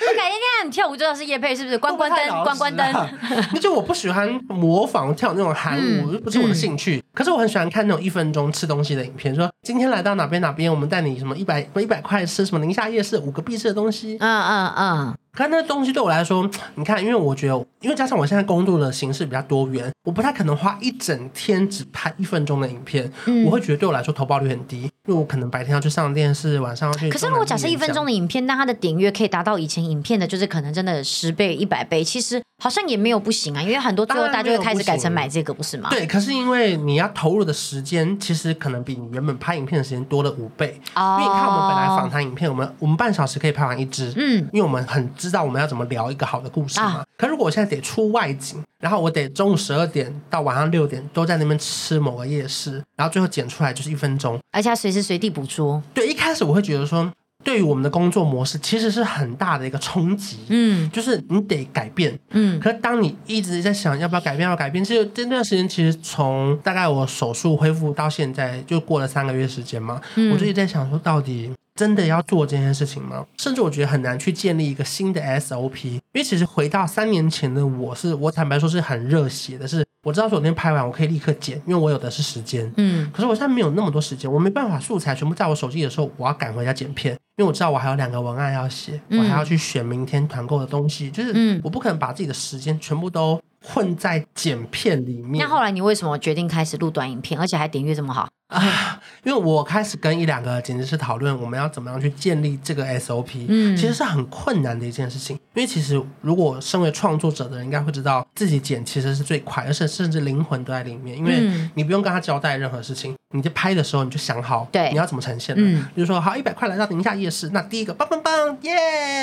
S2: 不 改天你看你跳舞真的是業配，是不是？關關燈，
S1: 關關燈。 那就我不喜歡模仿跳那種韓舞，嗯、不是我的興趣。嗯、可是我很喜歡看那種一分鐘吃東西的影片，嗯、說今天來到哪邊哪邊，我們帶你什麼一百一百塊吃什麼寧夏夜市五個必吃的東西。嗯嗯嗯，可是那東西對我來說，你看，因爲我覺得，因爲加上我現在工作的形式比較多元，我不太可能花一整天只拍一分鐘的影片。嗯、我會覺得對我來說投報率很低，因爲我可能白天要去上電視，晚上要去。可是如果假設一分鐘
S2: 的影片，那它的點閱可以達到以前。影片的就是可能真的十倍一百倍，其實好像也沒有不行啊，因為很多大大家就會開始改成買這個，不是嗎？
S1: 對，可是因為你要投入的時間，其實可能比你原本拍影片的時間多了五倍。哦。因為你看我們本來訪談影片，我們我們半小時可以拍完一支，嗯，因為我們很知道我們要怎麼聊一個好的故事嘛。啊、可如果我現在得出外景，然後我得中午十二點到晚上六點都在那邊吃某個夜市，然後最後剪出來就是一分鐘，而且他隨時隨地捕捉。對，一開始我會覺得說。對於我們的工作模式，其實是很大的一個衝擊。嗯，就是你得改變。嗯，可是當你一直在想要不要改變，嗯、要不要改變，其實這段時間，其實從大概我手術恢復到現在，就過了三個月時間嘛。嗯，我就一直在想說，到底真的要做這件事情嗎？甚至我覺得很難去建立一個新的 SOP，因為其實回到三年前的我，是，我坦白說是很熱血的，是，我知道昨天拍完，我可以立刻剪，因為我有的是時間。嗯，可是我現在沒有那麼多時間，我沒辦法素材全部在我手機的時候，我要趕回家剪片。因為我知道我還有兩個文案要寫，嗯、我還要去選明天團購的東西，就是我不可能把自己的時間全部都。混在剪片裡
S2: 面。那後來你為什麼決定開始錄短影片，而且還訂閱這麼
S1: 好啊？因為我開始跟一兩個剪輯師討論，我們要怎麼樣去建立這個 SOP。嗯，其實是很困難的一件事情。因為其實如果身為創作者的人，應該會知道自己剪其實是最快，而且甚至靈魂都在裡面。因為你不用跟他交代任何事情，你就拍的時候你就想好，對，你要怎麼呈現。嗯，比如說好一百塊來到寧夏夜市，那第一個棒棒棒耶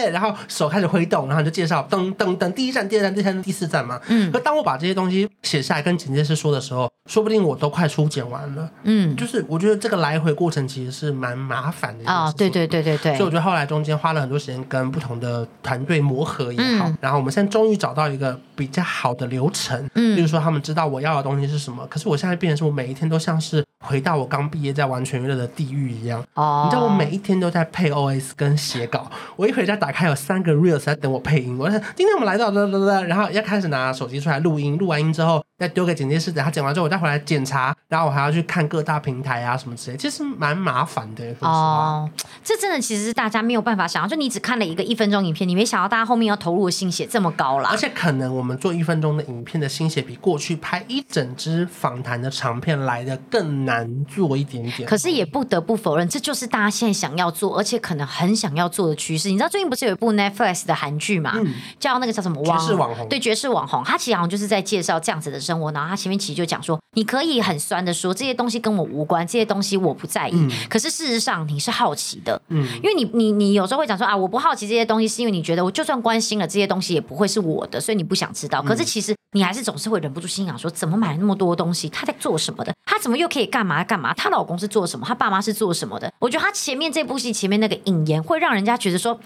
S1: ，yeah! 然後手開始揮動，然後你就介紹噔噔噔第一站、第二站、第三站、第四站嘛，嗯。可當我把這些東西寫下來跟剪接師說的時候，說不定我都快初剪完了。嗯，就是我覺得這個來回過程其實是蠻麻煩的一件事情。
S2: 啊、哦，對對對對對。所以我覺
S1: 得後來中間花了很多時間跟不同的團隊磨合也好、嗯，然後我們現在終於找到一個。比較好的流程，嗯，比如說他們知道我要的東西是什麼、嗯，可是我現在變成是我每一天都像是回到我剛畢業在完全娛樂的地獄一樣。哦，你知道我每一天都在配 OS 跟寫稿，我一回家打開有三個 Reels 在等我配音。我說今天我們來到了，然後要開始拿手機出來錄音，錄完音之後再丟給剪接師，等他剪完之後我再回來檢查，然後我還要去看各大平台啊什麼之類，其實蠻麻煩的、欸。哦
S2: 是，這真的其實是大家沒有辦法想到，就你只看了一個一分鐘影片，你沒想到大家後面要投入的心血這麼高了，而且可能我們。我們做一分鐘的影片的心血，比過去拍
S1: 一整支訪談的長片來得更難做一點點。可是
S2: 也不得不否認，這就是大家現在想要做，而且可能很想要做的趨勢。你知道最近不是有一部 Netflix 的韓劇嘛？叫那個叫什麼？絕世網紅。對，絕世網紅。他其實好像就是在介紹這樣子的生活。然後他前面其實就講說，你可以很酸的說這些東西跟我無關，這些東西我不在意。嗯，可是事實上你是好奇的，嗯，因為你你你有時候會講說啊，我不好奇這些東西，是因為你覺得我就算關心了這些東西，也不會是我的，所以你不想。知道，可是其實你還是總是會忍不住心想說怎麼買那麼多東西？她在做什麼的？她怎麼又可以幹嘛幹嘛？她老公是做什麼？她爸媽是做什麼的？我覺得她前面這部戲前面那個引言會讓人家覺得說。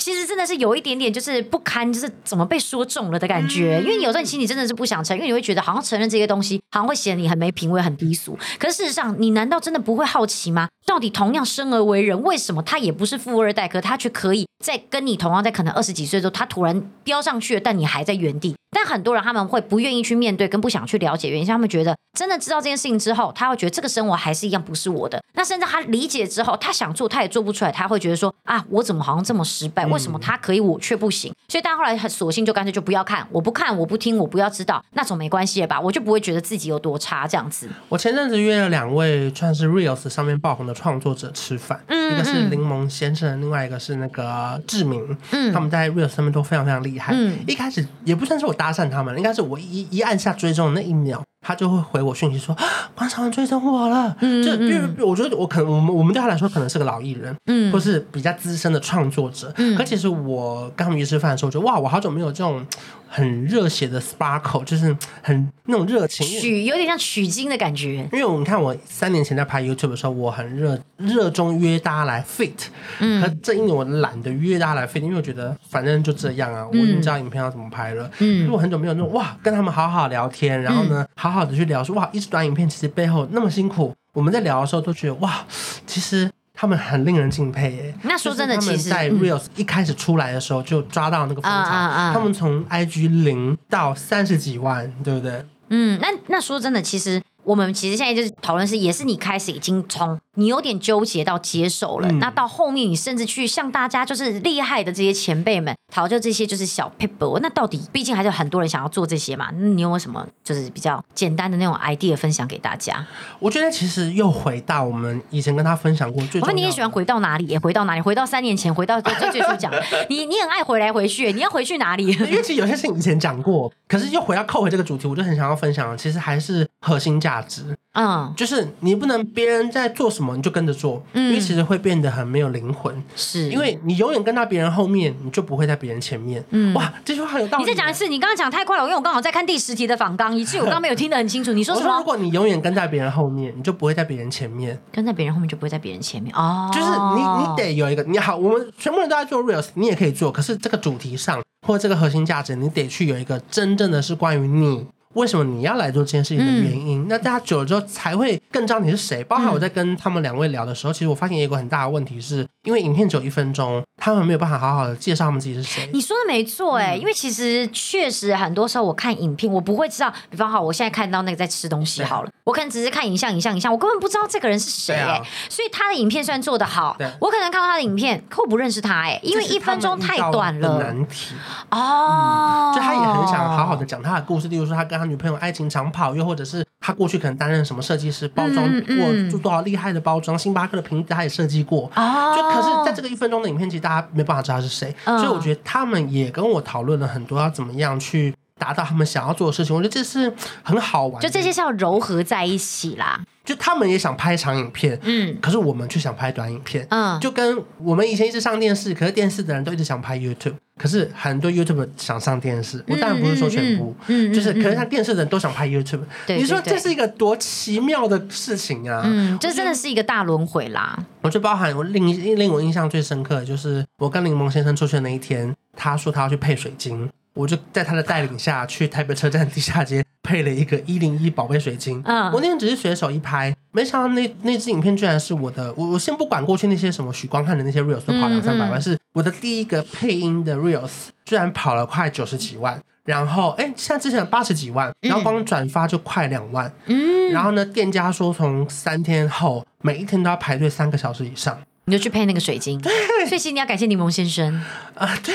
S2: 其實真的是有一點點，就是不堪，就是怎麼被說中了的感覺。因為你有時候你其實你真的是不想承認，因為你會覺得好像承認這些東西，好像會顯得你很沒品味、很低俗。可是事實上，你難道真的不會好奇嗎？到底同樣生而為人，為什麼他也不是富二代，可他卻可以在跟你同樣在可能二十幾歲的時候，他突然飆上去了，但你還在原地？但很多人他們會不願意去面對，跟不想去了解原因，像他們覺得真的知道這件事情之後，他會覺得這個生活還是一樣不是我的。那甚至他理解之後，他想做他也做不出來，他會覺得說啊，我怎麼好像這麼失敗？為什麼他可以，我卻不行？所以大家後來很索性就乾脆就不要看，我不看，我不聽，我不要知道，那種沒關係的吧，我就不會覺得自己有多差這樣子。
S1: 我前陣子約了兩位算是 Reels 上面爆紅的創作者吃飯，嗯嗯、一個是檸檬先生，另外一個是那個志明，他、嗯、們在 Reels 上面都非常非常厲害。嗯、一開始也不算是我。搭訕他們，應該是我一一按下追蹤的那一秒，他就會回我訊息說：“啊、關韶文追蹤我了。嗯嗯”就我覺得我可能我們我們對他來說可能是個老藝人，嗯，或是比較資深的創作者。嗯、可其實我剛跟他們吃飯的時候，我覺得哇，我好久沒有這種。很熱血的 sparkle，就是很那種熱情，取
S2: 有點像取經的感覺。
S1: 因為我們看，我三年前在拍 YouTube 的時候，我很熱熱衷約大家來 fit。嗯。可正因為我懶得約大家來 fit，因為我覺得反正就這樣啊，我已經知道影片要怎麼拍了。嗯。因為我很久沒有那種哇，跟他們好好聊天，然後呢，好好的去聊說哇，一支短影片其實背後那麼辛苦。我們在聊的時候都覺得哇，其實。他們很令人敬佩耶、欸。那說真的，就是、他們其實，在、嗯、Reels 一開始出來的時候就抓到那個風潮。嗯嗯嗯、他們從 IG 零到三十幾萬，對不對？嗯，
S2: 那那說真的，其實我們其實現在就是討論是，也是你開始已經從。你有點糾結到接受了、嗯，那到後面你甚至去向大家就是厲害的這些前輩們討教這些就是小撇步，那到底畢竟還是有很多人想要做這些嘛？那你有沒有什麼就是比較簡單的那種 idea 分享給大家？
S1: 我覺得其實又回到我們以前跟他分享過最，我問你也喜
S2: 歡回到哪裡？回到哪裡？回到三年前？回到最初講？ 你你很愛回來回去、欸？你要回去哪裡？因為其
S1: 實有些事情以前講過，可是又回到扣回這個主題，我就很想要分享，其實還是核心價值，嗯，就是你不能別人在做什麼。你就跟着做、嗯，因為其實會變得很沒有靈魂。是，因為你永遠跟在別人後面，你就不會在別人前面。嗯，哇，
S2: 這句話很有道理。你再講一次，你剛剛講太快了，因為我剛好在看第十題的訪綱，所以我剛沒有聽得很清楚。你說什麼？如
S1: 果你永遠跟在別人後面，你就不會在別人前面。跟在別人後面就不會在別人前面。哦，就是你，你得有一個你好，我們全部人都在做 reels，你也可以做，可是這個主題上或者這個核心價值，你得去有一個真正的是關於你。嗯為什麼你要來做這件事情的原因、嗯？那大家久了之後才會更知道你是誰。包括我在跟他們兩位聊的時候，嗯、其實我發現一個很大的問題是，是因為影片只有一分鐘，他們沒有辦法好好的介紹他們自己是誰。
S2: 你說的沒錯哎、欸嗯，因為其實確實很多時候我看影片，我不會知道。比方好，我現在看到那個在吃東西好了，啊、我可能只是看影像、影像、影像，我根本不知道這個人是誰。啊、所以他的影片雖然做得好，我可能看到他的影片，可我不認識他哎、欸，因為一分鐘太短了。難題哦、嗯，就他也很想
S1: 好好的講他的故事，例如說他跟。他女朋友愛情長跑又，又或者是他過去可能擔任什麼設計師包，包裝過做多少厲害的包裝，星巴克的瓶子他也設計過，哦。就可是在這個一分鐘的影片，其實大家沒辦法知道是誰，嗯。所以我覺得他們也跟我討論了很多，要怎麼樣去達到他們想要做的事情。我覺得這是很好玩，
S2: 就這些是要糅合在一起啦。
S1: 就他們也想拍長影片，嗯，可是我們卻想拍短影片，嗯，就跟我們以前一直上電視，可是電視的人都一直想拍 YouTube，可是很多 YouTuber 想上電視，嗯，我當然不是說全部，嗯，嗯就是、嗯就是、可是他電視的人都想拍 YouTube。對對對，你說這是一個多奇妙的事情啊。對對對，這真的
S2: 是一個大輪回啦。
S1: 我就包含令令我印象最深刻的，就是我跟檸檬先生出去的那一天，他說他要去配水晶。我就在他的帶領下去台北車站地下街配了一個一零一寶貝水晶，嗯、oh.，我那天只是隨手一拍，沒想到那那支影片居然是我的，我我先不管過去那些什麼許光漢的那些 reels 都跑兩三百萬嗯嗯，是我的第一個配音的 reels，居然跑了快九十幾萬，然後哎，像、欸、之前八十幾萬，然後光轉發就快兩萬，嗯，然後呢，店家說從三天後每一天都要排隊三個小時以上。
S2: 你就去拍那個水晶，所以其實你要感謝檸檬先生啊。對，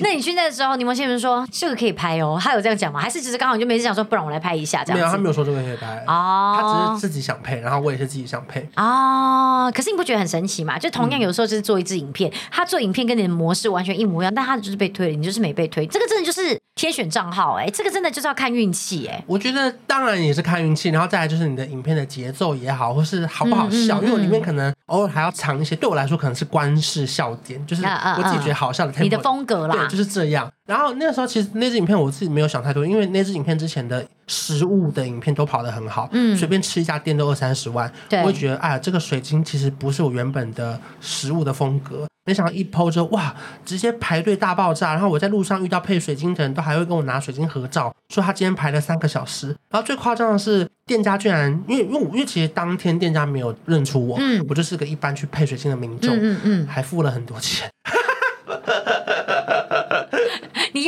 S2: 那你現在的時候，檸檬先生說這個可以拍哦，他有這樣講嗎？還是只是剛好你就每次講說，不然我來拍一下這樣。沒有，他沒有說
S1: 這個可以拍哦，他只是自己想拍，然後我也是自己想拍
S2: 啊、哦。可是你不覺得很神奇嗎？就同樣有時候就是做一支影片、嗯，他做影片跟你的模式完全一模一樣，但他就是被推了，你就是沒被推。這個真的就是天選賬號哎、欸，這個真的就是要看運氣哎。我覺得
S1: 當然也是看運氣，然後再來就是你的影片的節奏也好，或是好不好笑，嗯嗯嗯，因為我裡面可能偶爾還要藏一些對我來說，可能是關式笑點，yeah, uh, uh. 就是我自己覺得好笑的。你的風格啦，對，就是這樣。然後那個時候，其實那支影片我自己沒有想太多，因為那支影片之前的食物的影片都跑得很好，嗯，隨便吃一家店都二三十萬，對，我會覺得哎，這個水晶其實不是我原本的食物的風格。沒想到一 PO 之後，哇，直接排隊大爆炸！然後我在路上遇到配水晶的人都還會跟我拿水晶合照，說他今天排了三個小時。然後最誇張的是店家居然因為因為我因為其實當天店家沒有認出我，嗯，我就是個一般去配水晶的民眾，嗯嗯，嗯，還付了很多錢。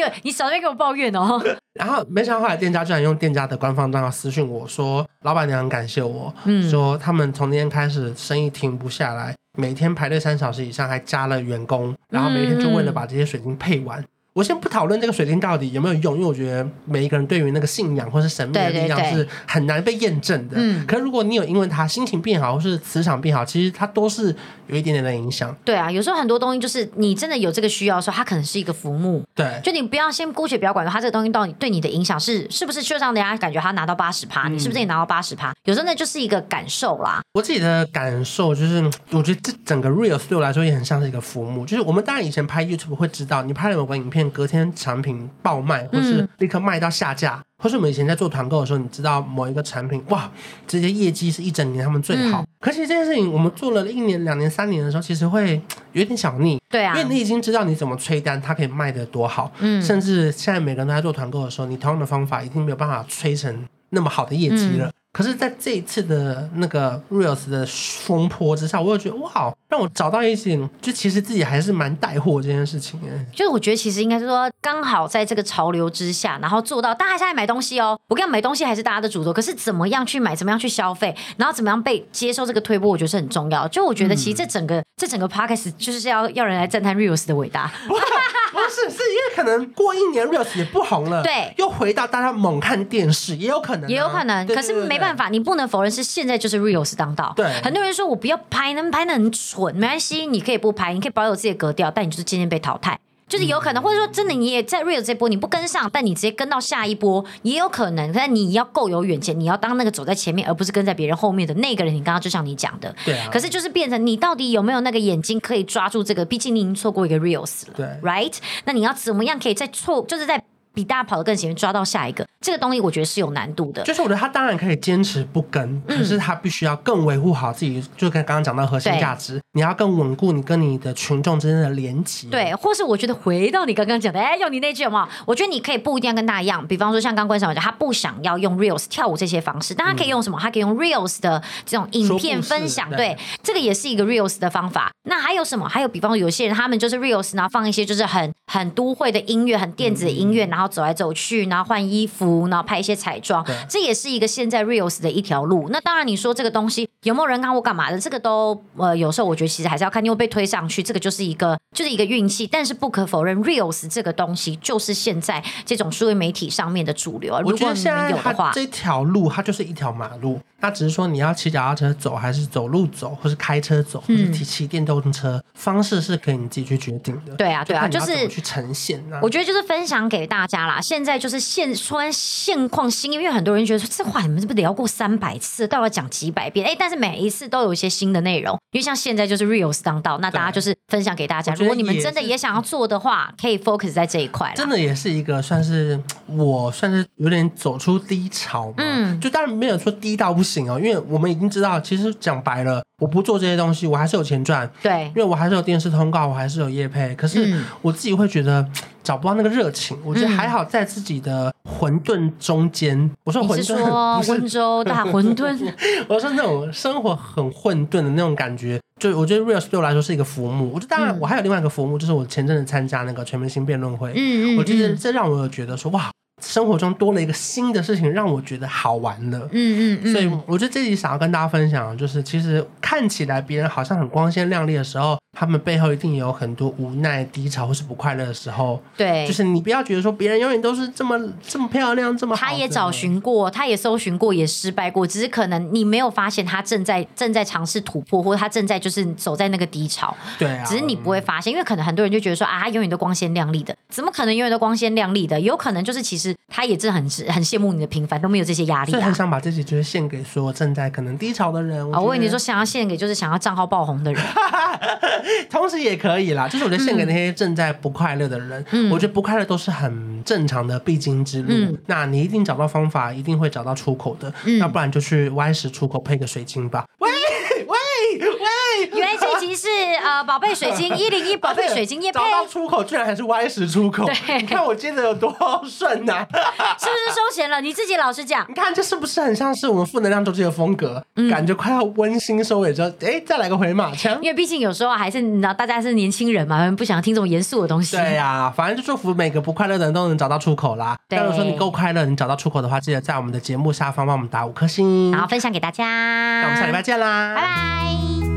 S2: 對，你少在給我抱怨哦！
S1: 然後沒想到，後來店家居然用店家的官方賬號私信我說：“老板娘很感謝我，嗯，說他們從那天開始生意停不下來，每天排隊三小時以上，還加了員工，然後每天就為了把這些水晶配完。嗯”嗯我先不討論這個水晶到底有沒有用，因為我覺得每一個人對於那個信仰或是神秘的力量是很難被驗證的。對對對嗯。可是如果你有因為他心情變好或是磁場變好，其實它都是有一點點的影響。
S2: 對啊，有時候很多東西就是你真的有這個需要的時候，它可能是一個浮木。對。就你不要先姑且不要管它，這個東西到底對你的影響是是不是，事實上大家感覺他拿到八十趴，你是不是也拿到八十趴，有時候那就是一個感受啦。
S1: 我自己的感受就是，我覺得這整個 real 對我來說也很像是一個浮木。就是我們當然以前拍 YouTube 會知道，你拍了什麼影片，隔天產品爆賣，或是立刻賣到下架，嗯、或是我們以前在做團購的時候，你知道某一個產品哇，直接業績是一整年他們最好。嗯、可是這件事情，我們做了一年、兩年、三年的時候，其實會有點小膩，對啊，因為你已經知道你怎麼催單，它可以賣得多好，嗯，甚至現在每個人都在做團購的時候，你同樣的方法已經沒有辦法催成那麼好的業績了。嗯可是，在這一次的那個 Reels 的風波之下，我又覺得哇，好，讓我找到一些。就其實自己還是蠻帶貨這件事情、欸。
S2: 就是我覺得，其實應該是說，剛好在這個潮流之下，然後做到大家還是愛買東西哦、喔。我跟你說，買東西還是大家的主動，可是怎麼樣去買，怎麼樣去消費，然後怎麼樣被接受這個推波，我覺得是很重要的。就我覺得，其實這整個、嗯、這整個 Podcast 就是要要人來讚嘆 Reels 的偉大。 是是因為可能過一年，Reels 也不紅了，對，又回到大家猛看電視，也有可能啊，也有可能。對對對對，可是沒辦法，你不能否認是現在就是 Reels 當道。對，很多人說我不要拍，能拍的很蠢，沒關係，你可以不拍，你可以保有自己的格調，但你就是漸漸被淘汰。就是有可能，或者說真的，你也在 reels 這波你不跟上，但你直接跟到下一波也有可能。但你要夠有遠見，你要當那個走在前面，而不是跟在別人後面的那個人。你剛剛就像你講的，對啊，可是就是變成你到底有沒有那個眼睛可以抓住這個？畢竟你已經錯過一個 reels 了，對，right？那你要怎麼樣可以再錯？就是在。比大家跑得更前面，抓到下一個，這個東西我覺得是有難度的。就是我
S1: 覺得他當然可以堅持不跟，嗯，可是他必須要更維護好自己，就跟剛剛講到核心價值，你要更穩固你跟你的群眾之間的連結。
S2: 對，或是我覺得回到你剛剛講的，哎，用你那句有沒有？我覺得你可以不一定要跟大家一樣，比方說像剛剛關韶文講，他不想要用 reels 跳舞這些方式，但他可以用什麼？他可以用 reels 的這種影片，分享對，對，這個也是一個 reels 的方法。那還有什麼？還有比方說有些人他們就是 reels，然後放一些就是很很都會的音樂，很電子的音樂，嗯，然後。然後走來走去，然後換衣服，然後拍一些彩妝，這也是一個現在 reels 的一條路。那當然，你說這個東西有沒有人看我幹嘛的，這個都呃，有時候我覺得其實還是要看，因為被推上去，這個就是一個就是一個運氣。但是不可否認，reels 這個東西就是現在這種數位媒體上面的主流。如果你們有的話，我覺得現在它這
S1: 條路它就是一條馬路。他只是說你要騎腳踏車走，還是走路走，或是開車走，或是騎騎電動車、嗯，方式是可以你自己去決定的。對啊，對啊，就是去呈現、啊就是、
S2: 我覺得就是分享給大家啦。現在就是現雖然現況新，因為很多人覺得說這話你們是不是聊過三百次，到底要講幾百遍？哎、欸，但是每一次都有一些新的內容。因為像現在就是 Reels 當道，那大家就是分享給大家。如果你們真的也想要做的話，可以 focus 在這一塊。真
S1: 的也是一個算是我算是有點走出低潮嗯。就當然沒有說低到不行。行哦，因為我們已經知道，其實講白了，我不做這些東西，我還是有錢賺。對，因為我還是有電視通告，我還是有業配。可是我自己會覺得、嗯、找不到那個熱情。我覺得還好，在自己的混沌中間。嗯、我說混沌，溫州大餛飩。 我說那種生活很混沌的那種感覺，就我覺得 Reels 對我來說是一個服務，我就當然，我還有另外一個服務，就是我前陣子參加那個全明星辯論會。嗯，嗯，嗯，我覺得這讓我有覺得說哇。生活中多了一個新的事情讓我覺得好玩的。嗯嗯，所以我覺得這裡想要跟大家分享，就是其實看起來別人好像很光鮮亮麗的時候，他們背後一定有很多無奈、低潮或是不快樂的時候。對，
S2: 就是你不要覺得說別人永遠都是這麼這麼漂亮，這麼好，他也找尋過，他也搜尋過，也失敗過，只是可能你沒有發現他正在正在嘗試突破，或者他正在就是走在那個低潮。對啊，只是你不會發現，嗯，因為可能很多人就覺得說啊，他永遠都光鮮亮麗的，怎麼可能永遠都光鮮亮麗的？有可能就是其實。他也是很很羨慕你的平凡，都沒有這些壓力、啊，所以很想把自己就是獻給所有正在可能低潮的人。Oh, 我問你說，想要獻給就是想要賬號爆紅的
S1: 人， 同時也可以啦。就是我覺得獻給那些正在不快樂的人，嗯、我覺得不快樂都是很正常的必經之路、嗯。那你一定找到方法，一定會找到出口的，要、嗯、不然就去 Y10 出口配個水晶吧。喂喂喂！喂因 原劇情是呃，寶貝水晶一零一，寶貝水晶，水晶 找到出口居然還是歪石出口。對， 你看我煎的有多順吶、啊， 是不是
S2: 收錢了？你自己老實講。你看這是不
S1: 是很像是我們負能量週記的風格、嗯？感覺快要溫馨收尾之後，哎、欸，再來個回馬槍。
S2: 因為畢竟有時候還是你知道，大家是年輕人嘛，不想聽這麼嚴肅的東西。對呀、
S1: 啊，反正就祝福每個不快樂的人都能找到出口啦。對，如果說你夠快樂，你找到出口的話，記得在我們的節目下方幫我們打五顆星，然後分享給大家。
S2: 那我們下禮拜見啦，拜拜。